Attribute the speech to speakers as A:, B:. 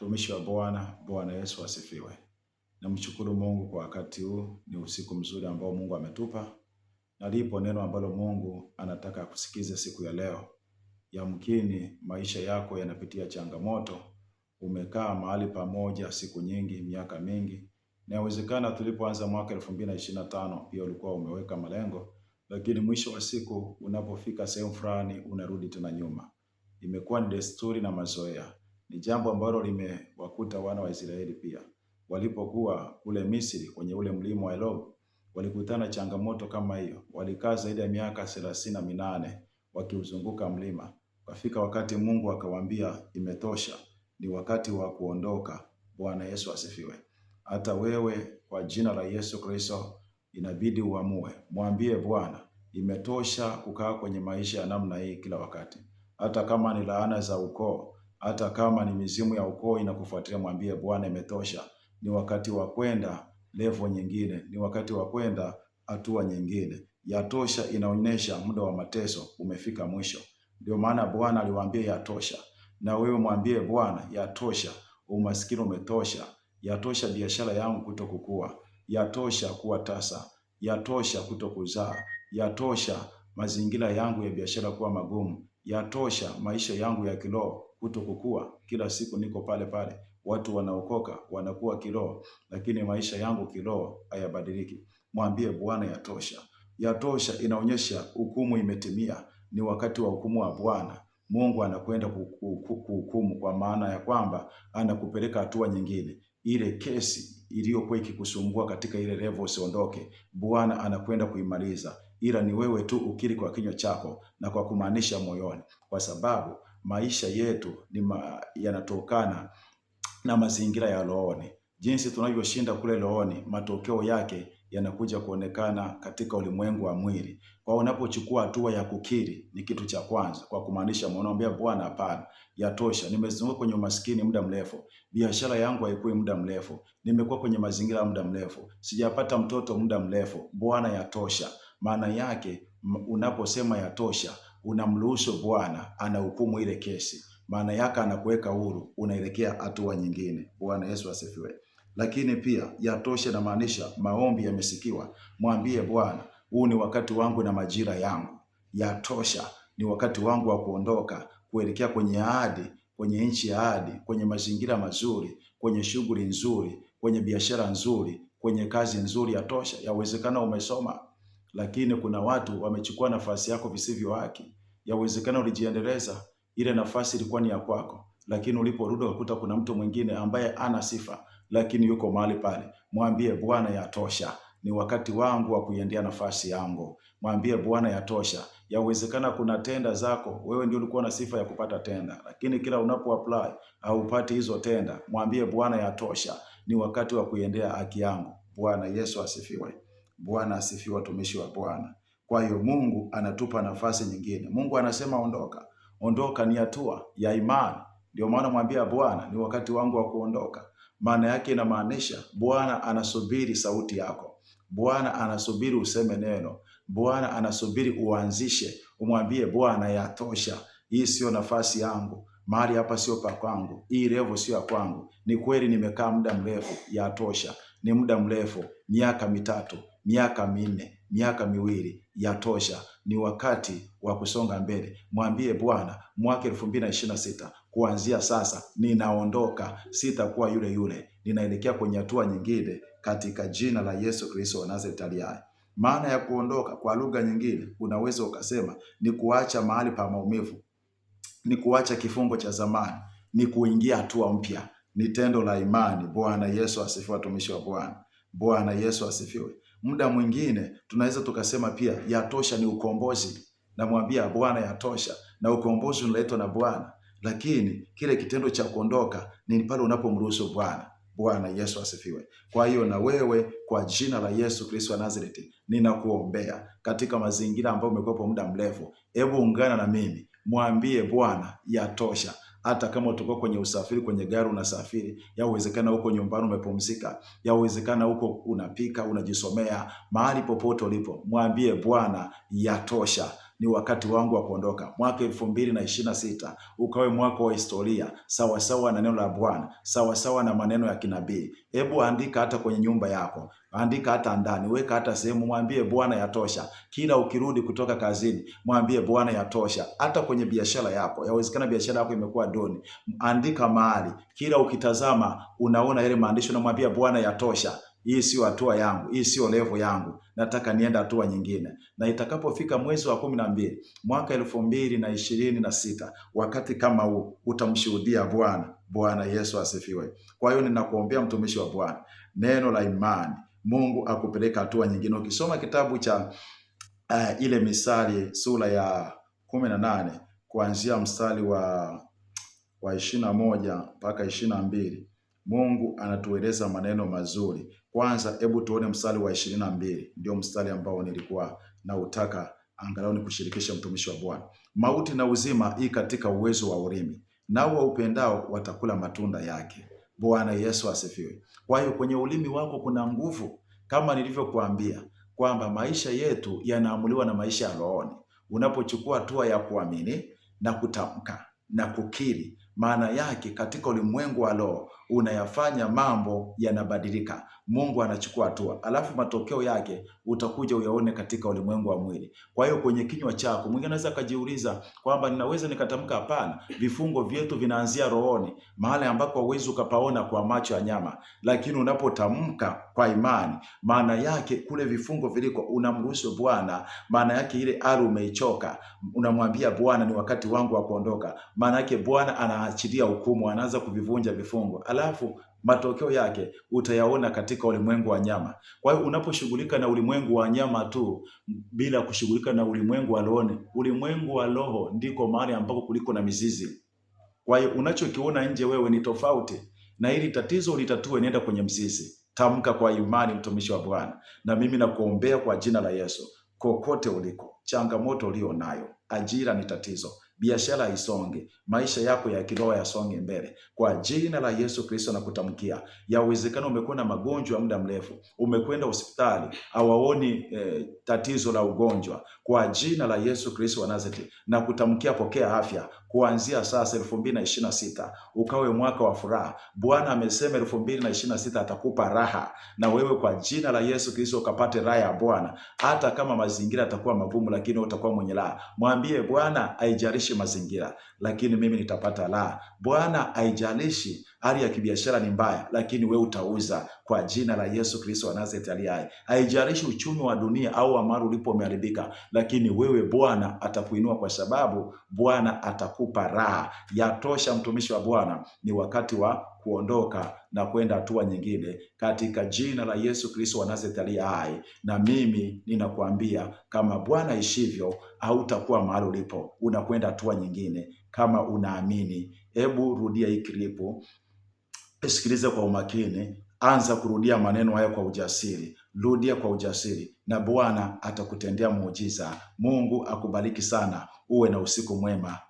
A: Mtumishi wa Bwana, Bwana Yesu asifiwe. Namshukuru Mungu kwa wakati huu, ni usiku mzuri ambao Mungu ametupa, na lipo neno ambalo Mungu anataka kusikize siku ya leo. Yamkini maisha yako yanapitia changamoto, umekaa mahali pamoja siku nyingi, miaka mingi. Inawezekana tulipoanza mwaka 2025 pia ulikuwa umeweka malengo, lakini mwisho wa siku unapofika sehemu fulani unarudi tena nyuma. Imekuwa ni desturi na mazoea ni jambo ambalo limewakuta wana wa Israeli pia. Walipokuwa kule Misri kwenye ule mlima wa Elo, walikutana changamoto kama hiyo. Walikaa zaidi ya miaka thelathini na minane wakiuzunguka mlima. Wafika wakati Mungu akawaambia imetosha, ni wakati wa kuondoka. Bwana Yesu asifiwe. Hata wewe kwa jina la Yesu Kristo inabidi uamue, mwambie Bwana imetosha kukaa kwenye maisha ya namna hii kila wakati, hata kama ni laana za ukoo hata kama ni mizimu ya ukoo inakufuatilia, mwambie Bwana, imetosha. Ni wakati wa kwenda levo nyingine, ni wakati wa kwenda hatua nyingine. Yatosha inaonyesha muda wa mateso umefika mwisho. Ndio maana Bwana aliwaambia yatosha, na wewe mwambie Bwana yatosha, umaskini umetosha, yatosha biashara yangu kuto kukua, yatosha kuwa tasa, yatosha kuto kuzaa, yatosha mazingira yangu ya biashara kuwa magumu, yatosha maisha yangu ya kiroho kuto kukua. Kila siku niko pale pale, watu wanaokoka wanakuwa kiroho, lakini maisha yangu kiroho hayabadiliki. Mwambie Bwana yatosha, yatosha. Inaonyesha hukumu imetimia, ni wakati wa hukumu wa Bwana Mungu anakwenda kuhukumu, kwa maana ya kwamba anakupeleka hatua nyingine. Ile kesi iliyokuwa ikikusumbua katika ile level, usiondoke. Bwana anakwenda kuimaliza ila ni wewe tu ukiri kwa kinywa chako na kwa kumaanisha moyoni, kwa sababu maisha yetu ni ma, yanatokana na mazingira ya rohoni. Jinsi tunavyoshinda kule rohoni, matokeo yake yanakuja kuonekana katika ulimwengu wa mwili. Kwa unapochukua hatua ya kukiri, ni kitu cha kwanza kwa kumaanisha, unaambia Bwana, hapana, yatosha, nimezunguka kwenye umaskini muda mrefu, biashara yangu haikui muda mrefu, nimekuwa kwenye mazingira muda mrefu, sijapata mtoto muda mrefu. Bwana, yatosha. Maana yake unaposema yatosha, unamruhusu Bwana anahukumu ile kesi, maana yake anakuweka huru, unaelekea hatua nyingine. Bwana Yesu asifiwe. Lakini pia yatosha inamaanisha maombi yamesikiwa. Mwambie Bwana, huu ni wakati wangu na majira yangu, yatosha. Ni wakati wangu wa kuondoka kuelekea kwenye ahadi, kwenye nchi ya ahadi, kwenye mazingira mazuri, kwenye shughuli nzuri, kwenye biashara nzuri, kwenye kazi nzuri. tosha. Yawezekana umesoma lakini kuna watu wamechukua nafasi yako visivyo haki. Yawezekana ulijiendeleza ile nafasi ilikuwa ni ya kwako, lakini uliporudi ukakuta kuna mtu mwingine ambaye ana sifa, lakini yuko mahali pale. Mwambie Bwana, yatosha, ni wakati wangu wa kuiendea nafasi yangu. Mwambie Bwana, yatosha. Yawezekana kuna tenda zako, wewe ndio ulikuwa na sifa ya kupata tenda, lakini kila unapo apply haupati hizo tenda. Mwambie Bwana, yatosha, ni wakati wa kuiendea haki yangu. Bwana Yesu asifiwe. Bwana asifiwe, watumishi wa Bwana. Kwa hiyo Mungu anatupa nafasi nyingine. Mungu anasema ondoka. Ondoka ni hatua ya imani. Ndio maana mwambia Bwana, ni wakati wangu wa kuondoka. Maana yake inamaanisha Bwana anasubiri sauti yako. Bwana anasubiri useme neno. Bwana anasubiri uanzishe, umwambie Bwana, yatosha. Hii siyo nafasi yangu, mahali hapa sio pa kwangu, hii revo sio ya kwangu. Ni kweli nimekaa muda mrefu, yatosha ni muda mrefu, miaka mitatu, miaka minne, miaka miwili, yatosha. Ni wakati wa kusonga mbele. Mwambie Bwana, mwaka elfu mbili na ishirini na sita kuanzia sasa ninaondoka, sitakuwa yule yule, ninaelekea kwenye hatua nyingine katika jina la Yesu Kristo wa Nazareti Maana ya kuondoka kwa lugha nyingine unaweza ukasema ni kuacha mahali pa maumivu, ni kuacha kifungo cha zamani, ni kuingia hatua mpya ni tendo la imani. Bwana Yesu asifiwe, watumishi wa Bwana. Bwana Yesu asifiwe. Muda mwingine tunaweza tukasema pia yatosha ni ukombozi, namwambia Bwana yatosha, na ukombozi unaletwa na Bwana, lakini kile kitendo cha kuondoka ni pale unapomruhusu Bwana. Bwana Yesu asifiwe. Kwa hiyo na wewe kwa jina la Yesu Kristo wa Nazareti, ninakuombea katika mazingira ambayo umekuwa muda mrefu, hebu ungana na mimi, mwambie Bwana yatosha hata kama utakuwa kwenye usafiri, kwenye gari unasafiri, yawezekana uko nyumbani umepumzika, yawezekana uko unapika, unajisomea, mahali popote ulipo, mwambie Bwana, yatosha ni wakati wangu wa kuondoka. Mwaka elfu mbili na ishirini na sita ukawe mwaka wa historia, sawasawa na neno la Bwana, sawasawa na maneno ya kinabii. Hebu andika hata kwenye nyumba yako, andika hata ndani, weka hata sehemu, mwambie Bwana yatosha. Kila ukirudi kutoka kazini, mwambie Bwana yatosha. Hata kwenye biashara yako, yawezekana biashara yako imekuwa doni, andika mahali, kila ukitazama unaona yale maandishi, unamwambia Bwana yatosha hii sio hatua yangu, hii sio levo yangu, nataka nienda hatua nyingine. Na itakapofika mwezi wa kumi na mbili mwaka elfu mbili na ishirini na sita wakati kama huu utamshuhudia Bwana. Bwana Yesu asifiwe. Kwa hiyo ninakuombea mtumishi wa Bwana, neno la imani, Mungu akupeleka hatua nyingine. Ukisoma kitabu cha uh, ile Misali sura ya kumi na nane kuanzia mstari wa wa ishirini na moja mpaka ishirini na mbili Mungu anatueleza maneno mazuri. Kwanza hebu tuone mstari wa ishirini na mbili ndio mstari ambao nilikuwa utaka angalau ni kushirikisha mtumishi wa Bwana. Mauti na uzima hii katika uwezo wa ulimi, nao waupendao watakula matunda yake. Bwana Yesu asifiwe. Kwa hiyo kwenye ulimi wako kuna nguvu, kama nilivyokuambia kwamba maisha yetu yanaamuliwa na maisha ya rohoni. Unapochukua hatua ya kuamini na kutamka na kukiri, maana yake katika ulimwengu wa roho unayafanya mambo yanabadilika, Mungu anachukua hatua, alafu matokeo yake utakuja uyaone katika ulimwengu wa mwili. Kwa hiyo kwenye kinywa chako, mwingine anaweza akajiuliza kwamba ninaweza nikatamka? Hapana, vifungo vyetu vinaanzia rohoni, mahali ambako huwezi ukapaona kwa macho ya nyama, lakini unapotamka kwa imani, maana yake kule vifungo viliko, unamruhusu Bwana. Maana yake ile ari umeichoka, unamwambia Bwana, ni wakati wangu wa kuondoka. Maana yake Bwana anaachilia hukumu, anaanza kuvivunja vifungo halafu matokeo yake utayaona katika ulimwengu wa nyama. Kwa hiyo unaposhughulika na ulimwengu wa nyama tu bila kushughulika na ulimwengu wa roho, ulimwengu wa roho ndiko mahali ambako kuliko na mizizi. Kwa hiyo unachokiona nje wewe ni tofauti, na ili tatizo litatue, nenda kwenye mzizi. Tamka kwa imani, mtumishi wa Bwana. Na mimi nakuombea kwa jina la Yesu, kokote uliko, changamoto ulio nayo, ajira ni tatizo biashara isonge, maisha yako ya kiroho yasonge mbele kwa jina la Yesu Kristo. Na kutamkia ya uwezekano, umekuwa na magonjwa muda mrefu, umekwenda hospitali hawaoni eh, tatizo la ugonjwa, kwa jina la Yesu Kristo wa Nazareti, na kutamkia pokea afya kuanzia sasa. elfu mbili na ishirini na sita ukawe mwaka wa furaha. Bwana amesema elfu mbili na ishirini na sita atakupa raha, na wewe kwa jina la Yesu Kristo ukapate raha ya Bwana. Hata kama mazingira atakuwa magumu, lakini utakuwa mwenye raha. Mwambie Bwana haijalishi haijalishi mazingira, lakini mimi nitapata la. Bwana, haijalishi hali ya kibiashara ni mbaya, lakini we utauza kwa jina la Yesu Kristo wa Nazareti aliye hai. Haijalishi uchumi wa dunia au wa ulipo umeharibika, lakini wewe Bwana atakuinua kwa sababu Bwana atakupa raha. Yatosha, mtumishi wa Bwana, ni wakati wa kuondoka na kwenda hatua nyingine katika jina la Yesu Kristo wa Nazareti aliye hai. Na mimi ninakuambia kama Bwana ishivyo, hautakuwa mahali ulipo, unakwenda hatua nyingine kama unaamini. Hebu rudia hii klipu, sikiliza kwa umakini, anza kurudia maneno hayo kwa ujasiri, rudia kwa ujasiri na Bwana atakutendea muujiza. Mungu akubariki sana, uwe na usiku mwema.